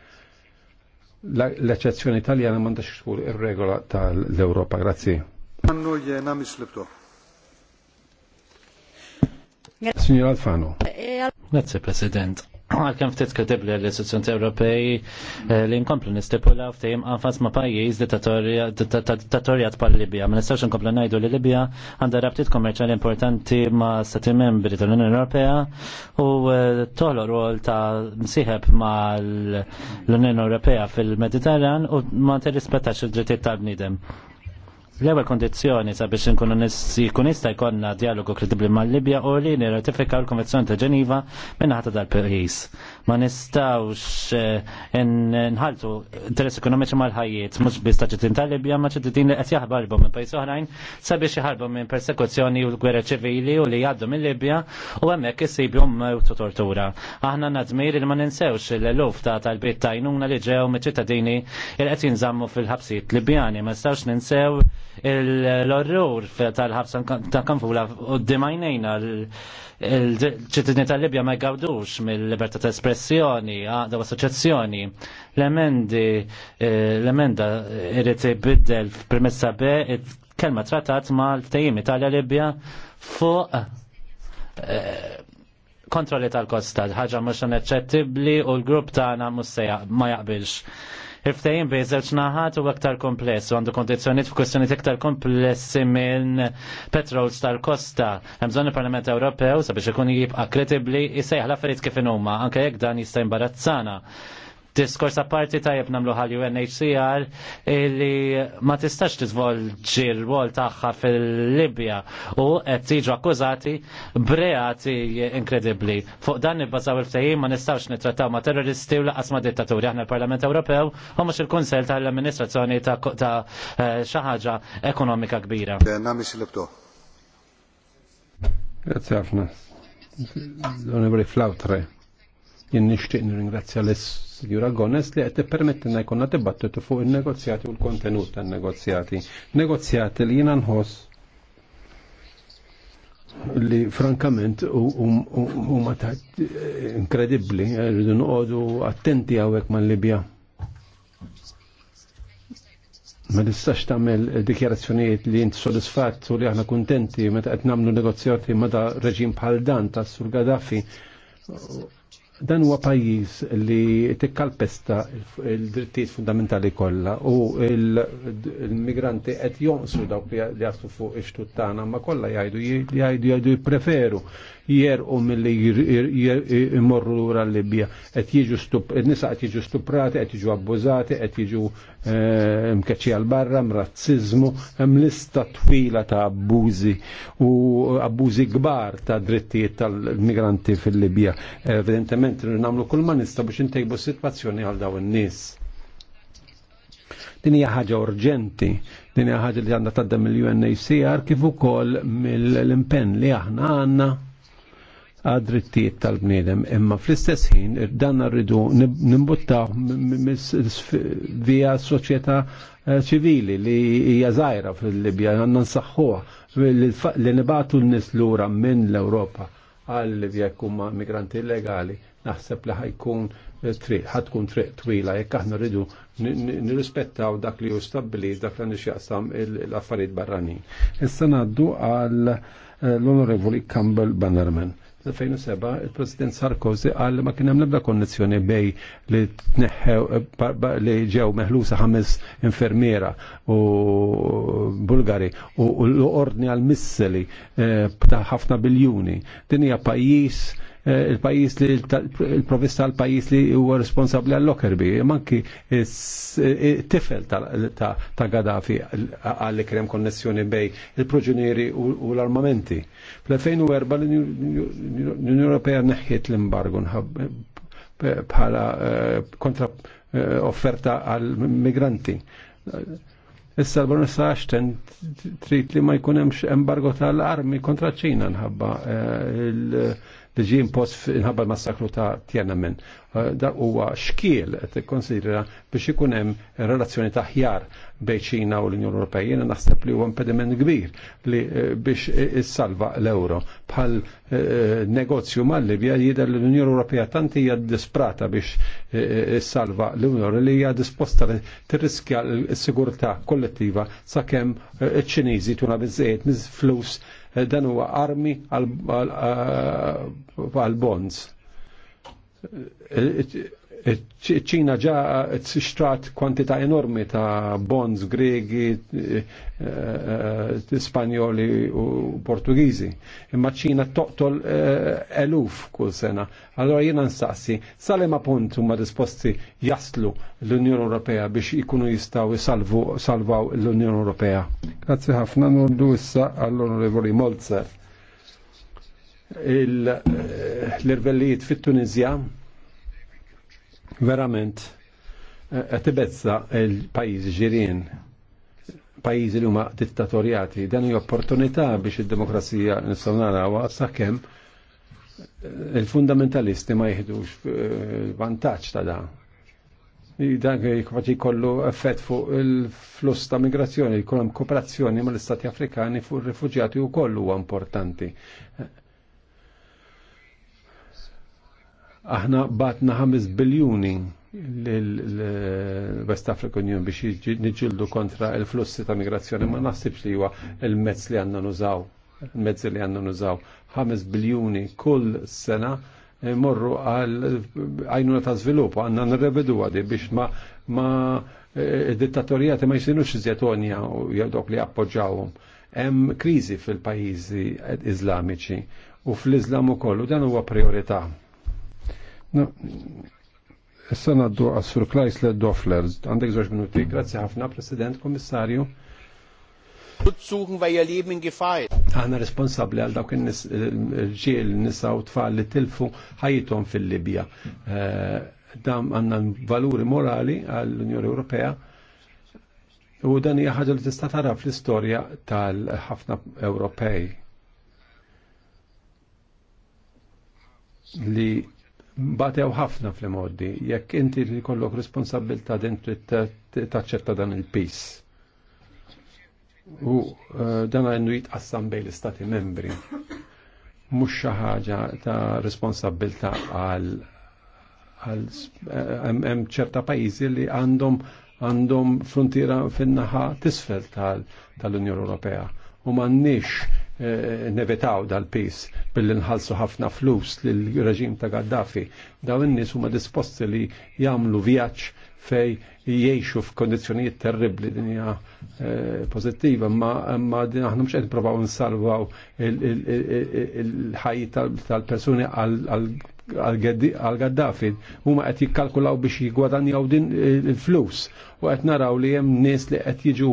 L-eċezzjoni italjana mandax xkur ir-regola tal-Europa. Grazzi. Għannu jena mislibtu. Signor Alfano. Grazie President għal-kem ftit kredibli l-istituzzjoni Ewropej eh, li nkomplu nistipula ftit għanfas ma pajjiż dittatorjat pal libja Ma nistax nkomplu najdu li Libja għandha rabtiet kommerċali importanti ma stati membri tal-Unjoni Ewropea u eh, toħlo rol ta' msiħeb ma l-Unjoni Ewropea fil-Mediterran u ma tirrispettax id-drittijiet tal-bniedem. L-ewwel kondizzjoni sabiex inkunu jkun jista' jkollna dialogu kredibbli mal-Libja u li nirratifika l-Konvenzjoni ta' Ġeniva minn ħata dal-pajjiż ma nistawx eh, nħaltu interess ekonomiċi mal-ħajiet, mux biex ta' ċittin tal-Libja, ma ċittin li qed barbu minn pajis oħrajn sabiex jħarbu minn persekuzzjoni u l-gwerra ċivili u li jgħaddu minn Libja u hemmhekk isibhom mewtu tortura. Aħna nadmir li ma ninsewx l-eluf ta' tal-bit tajnuna li ġew me ċittadini il qed jinżammu fil ħabsit Libjani, ma nistawx ninsew l-orrur tal ħabsan ta' kanfula u d-dimajnejna il-ċittadini tal-Libja ma jgawdux mill-libertà ta' espressjoni, għada ah, assoċjazzjoni. L-emendi, eh, l-emenda irrit ibiddel f'permessa B kelma trattat ma l-tejim Italja-Libja fuq eh, kontrolli tal kostad ħaġa mhux unaċċettibbli u l-grupp tagħna mhux ma jaqbilx. Iftajin bej żewġ naħat u aktar kompless u għandu kondizzjonijiet f'kwestjoni iktar komplessi minn petrols tal-kosta. Hemm bżonn il-Parlament Ewropew sabiex ikun jibqa' kredibbli jsejħ l-affarijiet kif inhuma anke jekk dan jista' imbarazzana. Diskors apparti tajjeb namlu għal UNHCR li ma tistax titvolġi l-wol tagħha fil-Libja u qed tiġu akkużati breati inkredibbli. Fuq dan nibbazaw il ftajim ma nistax nittrattaw ma terroristi u laqas ma dittaturi aħna l-Parlament Ewropew u mhux il-Kunsell tal-Amministrazzjoni ta' eh, xi ħaġa ekonomika kbira. Eh, Grazie ħafna. Onorevole Flautre. Jien nixtieq nirringrazzja l-Sigjura Gones li qed tippermettilna jkollna dibattitu fuq in-negozjati u l-kontenut tan-negozjati. Negozjati li jina nħoss li frankament huma inkredibbli, rridu noqogħdu attenti għawek mal-Libja ma nistax tagħmel dikjarazzjonijiet li jint sodisfatt u li aħna kuntenti meta qed nagħmlu negozjati ma' reġim bħal dan tas-Sur Gaddafi dan huwa pajjiż li tikkalpesta il-drittijiet fundamentali kollha u l-migranti qed jonqsu dawk li jaslu fuq ix-tut tagħna ma kollha jgħidu jgħidu jgħidu jippreferu jerqu milli jmorru lura l-Libja. Et jiġu stup, nisa qed jiġu stuprati, qed jiġu abbużati, qed jiġu eh, mkeċi għal barra, mrazzizmu, hemm lista twila ta' abbużi u abbużi kbar ta' drittijiet tal-migranti fil-Libja. Evidentement nagħmlu kull ma nista' biex intejbu situazzjoni sitwazzjoni għal dawn in-nies din hija ħaġa urġenti, din hija ħaġa li għandha tadda mill-UNHCR kif ukoll mill-impenn li aħna għandna għadrittijiet tal bnidem Imma fl-istess ħin dan rridu nimbuttaw via soċjetà eh, ċivili li hija żgħira fil-Libja għandna nsaħħuha li nibatu n-nies lura minn l-Ewropa għal Libja jkun migranti illegali naħseb li ħajkun eh, triq, ħatkun triq twila jekk aħna rridu nirrispettaw dak li hu stabbilit dak li nixjaqsam l-affarijiet barranin. Issa ngħaddu għal eh, l-Onorevoli Campbell Bannerman. 2007 il-President Sarkozy għal ma kien hemm l-ebda konnezzjoni bej li tneħħew li ġew meħlusa ħames infermiera u Bulgari u l-ordni għal misseli eh, ta' ħafna biljuni. Din hija pajjiż il-pajis li il provvista tal-pajis li huwa responsabli għall lokerbi manki tifel ta' Gaddafi għalli krem konnessjoni bej il-proġunieri u l-armamenti. Fl-2004 l-Unjoni Ewropea neħħiet l-embargo bħala kontra offerta għal-migranti. Issa l-Bonus Ashton trit li ma jkunemx embargo tal-armi kontra ċina nħabba li ġie impost inħabba l-massakru ta' Tiananmen. Uh, da huwa xkiel qed ikkonsidra biex ikun hemm relazzjoni ta' ħjar bejn Ċina u l-Unjoni Ewropea. Jiena naħseb li huwa impediment kbir li uh, biex issalva l-euro. Bħal uh, negozju mal-Libja jidher li l-Unjoni Ewropea tant hija disprata biex issalva l-Unjoni li hija disposta li tirriskja l-sigurtà kollettiva sakemm iċ-Ċiniżi tuna biżejjed flus dan huwa armi għal bonds ċina ġa t-sistrat kwantita enormi ta' bonds gregi, eh, eh, spanjoli u portugizi. Imma ċina toqtol eh, eluf kull sena. Allora jena nsaqsi, sale ma punt huma disposti jaslu l-Unjoni Ewropea biex ikunu jistaw salvaw l-Unjoni Ewropea. Grazie ħafna nurdu issa għall-Onorevoli Molzer. L-irvellijiet fit-Tunizja verament għatibezza eh, il pajiz ġirien pajizi li huma dittatorjati, dan hija opportunità biex id-demokrazija nistgħu narawha sakemm eh, il-fundamentalisti ma jieħdux eh, vantaġġ ta' dan. Dan jikfaċi kollu effett fuq il-fluss ta' migrazzjoni, jkun hemm kooperazzjoni mal-Istati Afrikani fuq ir-rifuġjati wkoll huwa importanti. Aħna batna 5 biljuni l-West African Union biex niġildu kontra il-flussi ta' migrazzjoni ma naħsibx li huwa il-mezz li għandna nużaw, il-mezz li għandna nużaw. 5 biljuni kull sena morru għal għajnuna ta' svilup, għanna nirrevedu għadi biex ma, ma e, dittatorijati ma jisinux zjetonja u jadok li appoġġawhom. Hemm kriżi fil-pajjiżi Iżlamiċi u fl-Iżlam ukoll u dan huwa priorità Issa naddu għas-Sur Chrysler Dofflers. Għandek żewġ minuti. Grazzi ħafna, President, Kommissarju. Suchen weil li Leben in Għana responsabli għal dawk il ġil nisa u tfal li tilfu ħajitom fil-Libja. Eh, dam għanna valuri morali għall-Unjoni Ewropea u dan hija ħaġa li tista' tara fl-istorja tal-ħafna Ewropej li batew ħafna fl-modi, jekk inti li kollok responsabilta dentro taċċetta dan il-pis. U eh, dan għandu jitqassam bej l-istati membri. Mux xaħġa ta' responsabilta għal eh, hemm ċerta pajjiżi li għandhom għandhom frontiera fin-naħa tisfel tal-Unjoni Ewropea u m'għandniex Eh, nevetaw dal-pis billi nħalsu ħafna flus lill-reġim ta' Gaddafi. Daw in-nies huma disposti li jagħmlu vjaġġ fej jiexu f'kondizjonijiet terribli din hija eh, pożittiva, ma din aħna mhux qed nipprovaw nsalvaw il-ħajja tal-persuni għal Gaddafi huma qed jikkalkulaw biex jigwadanjaw din il-flus u qed naraw li hemm nies li qed jiġu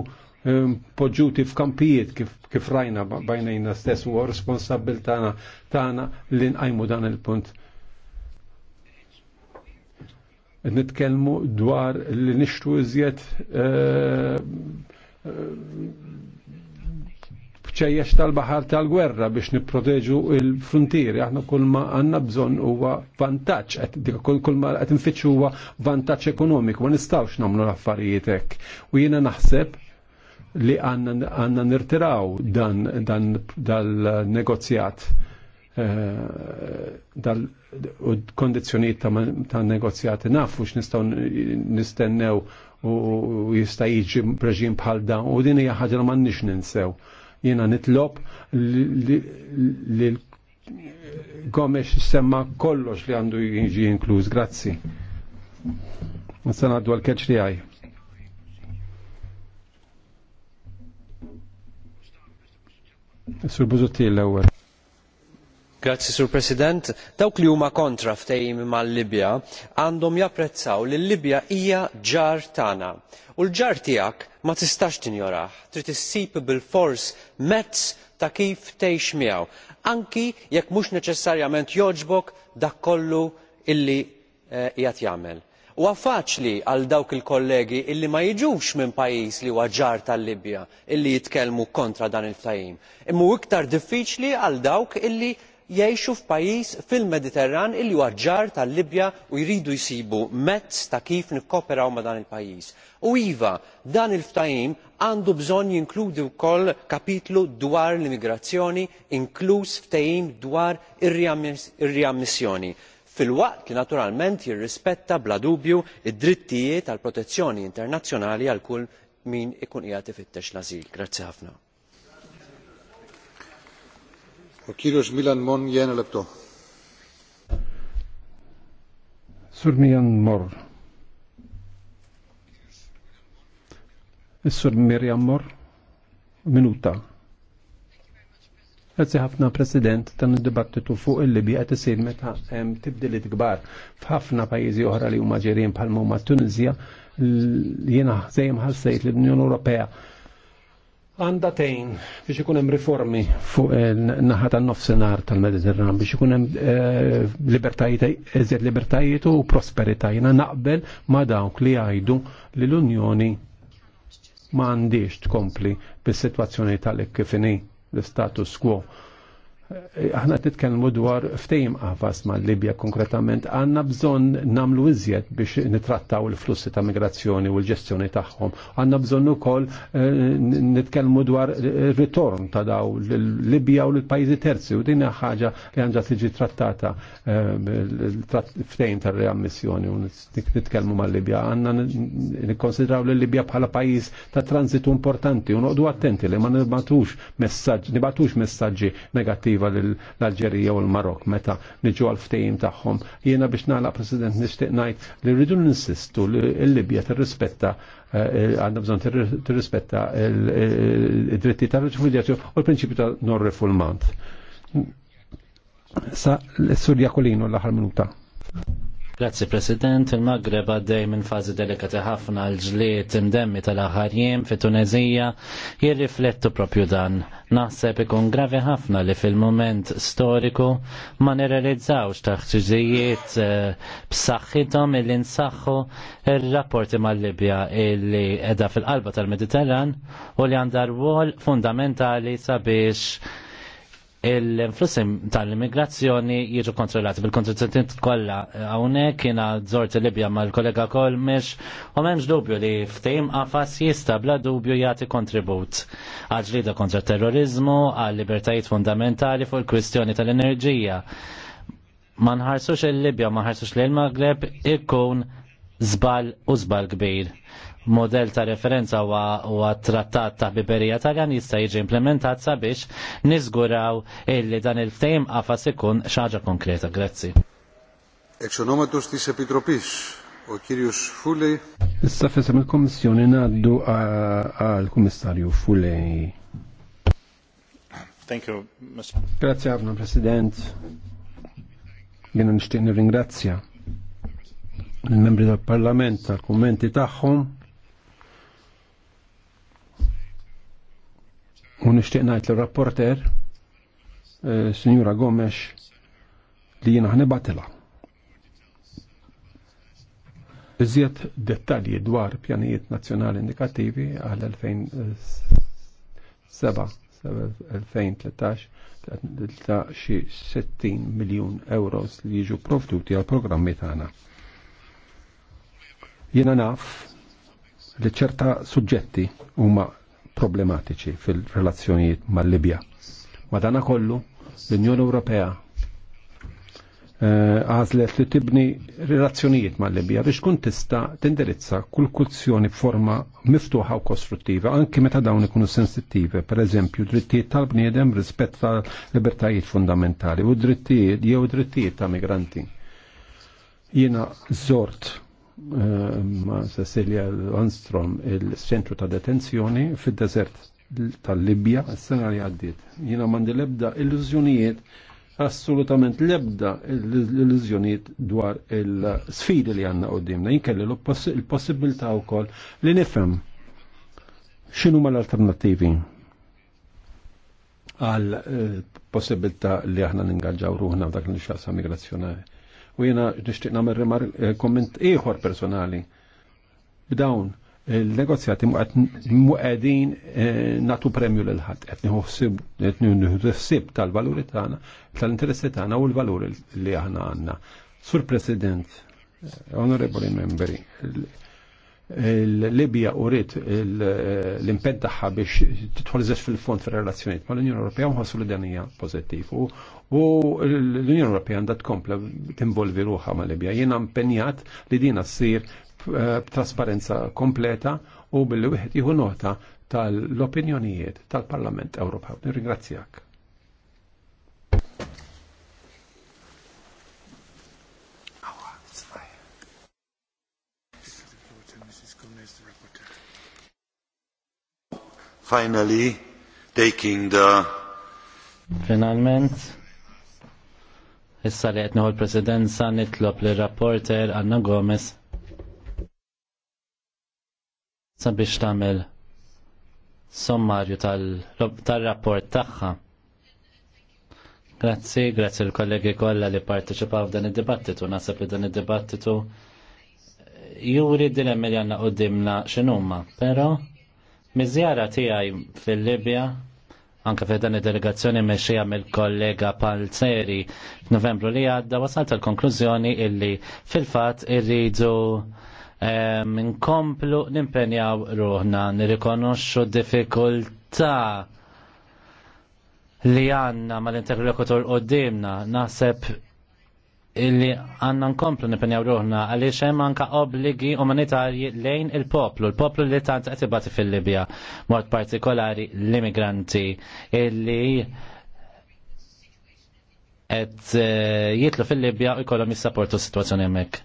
poġġuti f'kampijiet kif, kif rajna bajnejna stess u responsabil tagħna li nqajmu dan il-punt. Nitkellmu dwar li nixtu iżjed eh, eh, ċejjex tal baħar tal-gwerra biex nipproteġu il-frontieri. Aħna kull ma għanna bżonn huwa vantaġġ, kull ma qed nfittxu huwa vantaġġ ekonomiku, ma nistgħux nagħmlu l-affarijiet hekk. U jiena naħseb li għanna nirtiraw dan, dan dal-negozjat dal eh, kondizjoniet ta' negozjati nafu x'nistgħu nistennew u jista' jiġi reġim bħal dan u din hija ħaġa m'għandniex ninsew. Jiena nitlob li Gomes semma kollox li għandu jiġi inkluż, grazzi. Nista' ngħaddu għal-keċ li għaj. Sur l-ewwel. Grazzi Sur President. Dawk li huma kontra ftehim mal-Libja għandhom japprezzaw li l-Libja hija ġar tagħna. U l-ġar tiegħek ma tistax tinjorah, trid issib bil-fors mezz ta' kif tgħix miegħu, anki jekk mhux neċessarjament jogħġbok dak kollu illi eh, qiegħed jagħmel huwa faċli għal dawk il-kollegi illi ma jiġux minn pajjiż li huwa ġar tal-Libja illi jitkellmu kontra dan il-ftehim. Imma hu iktar diffiċli għal dawk illi jgħixu f'pajjiż fil-Mediterran illi huwa ġar tal-Libja u jridu jsibu mezz ta' kif nikkooperaw ma' dan il-pajjiż. U iva, dan il-ftehim għandu bżonn jinkludi wkoll kapitlu dwar l-immigrazzjoni inkluż ftehim dwar ir-riammissjoni. Ir filwaqt li naturalment jirrispetta bla dubju d drittijiet għal protezzjoni internazzjonali għal kull min ikun qiegħed ifittex l-ażil. Grazzi ħafna. Sur Milan Mor. sur Mirjam Mor. Minuta. Grazzi ħafna President dan id-dibattitu fuq il-Libja qed isir meta hemm tibdilit kbar f'ħafna pajjiżi oħra li huma ġerien bħal huma Tunizja jiena żejjem ħassejt l-Unjoni Ewropea għanda tejn biex ikun hemm riformi fuq naħa tan-nofsinhar tal-Mediterran biex ikun hemm eh, libertajiet eżed libertajiet u prosperità jiena naqbel ma' dawk li jgħidu li l-Unjoni ma għandix tkompli bis-sitwazzjoni tal-ekkifini l-status quo aħna titkellmu dwar ftejim qafas ma' Libja konkretament għandna bżonn namlu iżjed biex nitrattaw il-flussi ta' migrazzjoni u l-ġestjoni tagħhom. Għandna bżonn ukoll eh, nitkellmu dwar ritorn ta' daw l-Libja u l-pajjiżi terzi u din ħaġa li għandha tiġi trattata eh, ftejim tar-reammissjoni u nitkellmu ma' Libja. Għanna nikkonsidraw l libja bħala pajjiż ta' transitu importanti u noqdu attenti li ma nibatux messaġġi negattivi pozittiva l-Alġerija u l-Marok meta nġu għal-ftejim tagħhom. Jiena biex nagħlaq President nixtieq ngħid li rridu ninsistu li l-Libja tirrispetta eh, għandha bżon tirrispetta il-dritti tal-refugjati u l-prinċipju ta' non refulmant Sa l-Surja Kolino l-aħħar minuta. Grazzi President, il-Maghreb għaddej minn fażi delikati ħafna l-ġliet indemmi tal-aħarjem fi Tunezija jirriflettu propju dan. Naħseb ikun gravi ħafna li fil-moment storiku ma nirrealizzawx taħtiġijiet eh, b'saħħithom illi nsaħħu il rapporti mal-Libja illi edha fil-qalba tal-Mediterran u li għandha rwol fundamentali sabiex il-flussi tal-immigrazzjoni jiġu kontrollati bil kolla kollha hawnhekk jiena żort Libja mal-kollega Kolmish u m'hemmx dubju li ftejm għafas jista' bla dubju jagħti kontribut għal ġlieda kontra terrorizmu, għal libertajiet fundamentali fuq il-kwistjoni tal-enerġija. Ma nħarsux il-Libja, ma l lejn magreb ikun żbal u zbal kbir model ta' referenza u trattat ta' biberija ta' għan jista' jiġi implementat sabiex nizguraw illi dan il-ftejm għafa ikun xaġa konkreta. Grazzi. Εξονόματος tis epitropis. O kirjus Φούλεϊ. Issa fesem il-Komissjoni naddu għal-Komissarju Fulej. Thank you, Mr. Grazie għafna, President. Jena nishtiqni ringrazzja il-membri tal-Parlament tal-kommenti tagħhom U nixtieq ngħid l-rapporter Signora Gomes li ħne batila. Iżjed dettalji dwar pjanijiet nazzjonali indikattivi għal 2007-2013 ta' xi 60 miljun euros li jiġu provduti għal programmi tagħna. Jiena naf li ċerta suġġetti huma problematiċi fil-relazzjonijiet mal-Libja. Madana kollu, l-Unjoni Ewropea eh, għazlet li tibni relazzjonijiet ma' Libja biex kun tista tindirizza kull kuzzjoni forma miftuħa u kostruttiva, anki meta dawn ikunu sensittivi, per eżempju, drittijiet tal-bniedem rispett tal-libertajiet fundamentali u drittijiet jew drittijiet ta' migranti. Jiena zort Eh, ma' Cecilia Anstrom il-ċentru ta' detenzjoni fid-desert tal-Libja s-sena li għaddiet. Jina mandi lebda illużjonijiet, assolutament lebda illużjonijiet dwar il-sfidi li għanna għoddimna. Jinkelli l-possibilta u koll li nifem xinu ma l-alternativi għal eh, possibilta li aħna ningaġġaw ruħna dak l xaqsa migrazzjonali U jena nishtiq namer rimar eh, komment ieħor personali. B'dawn, eh, il-negozjati muqedin eh, natu premju l ħad etni tal-valuri tagħna, tal-interessi tagħna u l-valuri li aħna għanna. Sur President, Honorable Membri, l-Libja u l-imped biex titħol fil-fond fil-relazzjoniet ma mal-Unjoni Ewropea nħossu li danija hija u U l-Unjoni Ewropea għandha tkompla tinvolvi ruħha ma' Libja. Jiena impenjat li dina ssir eh, b'trasparenza kompleta u billi wieħed jieħu nota tal-opinjonijiet tal-Parlament Ewropew. Nirringrazzjak. Finally, taking the Finalment Issa li għetnuħu l-presidenza nitlob li rapporter Anna Gomez sabiex tamil sommarju tal-rapport tal tagħha. Grazzi, grazzi l-kollegi kollha li parteċipaw f'dan id-dibattitu, nasab li dan id-dibattitu juri dilemmi li u dimna x'inhuma, però miżjara tiegħi fil-Libja anka fi dan id-delegazzjoni mexxija mill-kollega Palzeri f'Novembru li għadda wasalt l-konklużjoni illi fil-fatt irridu nkomplu nimpenjaw ruħna nirrikonoxxu diffikultà li għanna mal-interlokutor qoddimna naħseb illi għanna nkomplu nipenjaw ruħna għaliex hemm anka obbligi umanitarji lejn il-poplu, il-poplu li tant qed ibati fil-Libja, mod partikolari l-immigranti illi qed eh, jitlu fil-Libja u jkollhom jissapportu s-sitwazzjoni hemmhekk.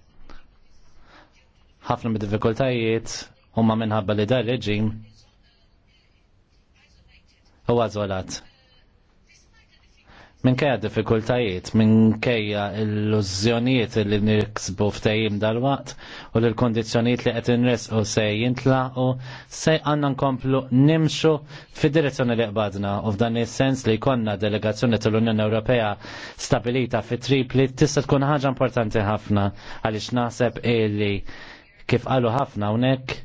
Ħafna mid-diffikultajiet huma minħabba li dar reġim huwa żolat minkejja diffikultajiet, minkejja illużjonijiet li niksbu ftejim dal-waqt u l-kondizjonijiet li qed inresqu se jintlaqu se għandna nkomplu nimxu fid-direzzjoni li qbadna u f'dan is-sens li jkollna delegazzjoni tal-Unjoni Ewropea stabilita fi tripli tista' tkun ħaġa importanti ħafna għaliex naħseb illi kif qalu ħafna hawnhekk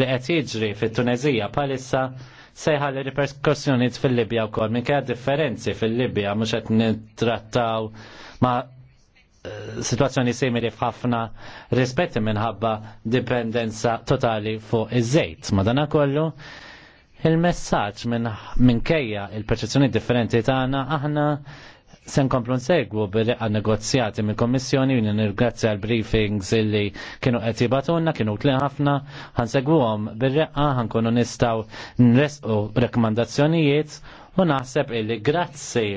li qed jiġri fit-Tunezija palissa se jħalli riperkussjonijiet fil-Libja wkoll minkejja differenzi fil-Libja mhux qed nittrattaw ma' eh, situazzjoni simili f'ħafna rispetti minħabba dipendenza totali fuq iż-żejt. Madana kollu, il-messaġġ minkejja il-perċezzjoni differenti tagħna aħna sen komplu nsegwu bil-li għan negozjati mill kommissjoni jina nirgrazzja l-briefings illi kienu qed jibatunna, kienu tli ħafna, għan għom bil-reqqa, għan kunu nistaw nresqu rekomandazzjonijiet u naħseb illi grazzi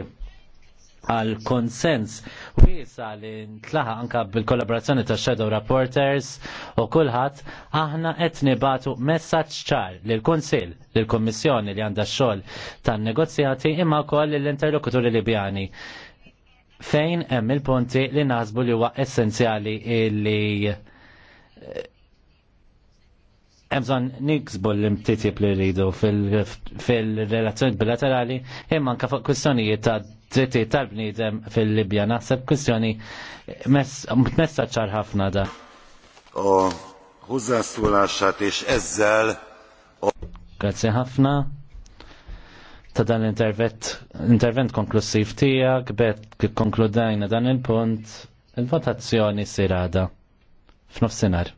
għal konsens wiesa li ntlaħa anka bil-kollaborazzjoni ta' Shadow Reporters u kulħadd aħna qed nibatu messaġġ ċar lil kunsill lil kommissjoni li għandha x-xogħol tan-negozjati imma wkoll l-interlokuturi Libjani fejn hemm il-punti li naħsbu li huwa essenzjali li Emżon eh, niksbu l-imtitib li rridu fil-relazzjoni bilaterali imman fuq kwistjonijiet ta' dritti tal-bnidem fil-Libja. Naħseb kwestjoni ċar ħafna da. O hozzászólását és ezzel Grazie ħafna ta' dan l-intervent intervent konklusiv tijak, bet konkludajna dan il-punt, il-votazzjoni sirada F'nofsinhar.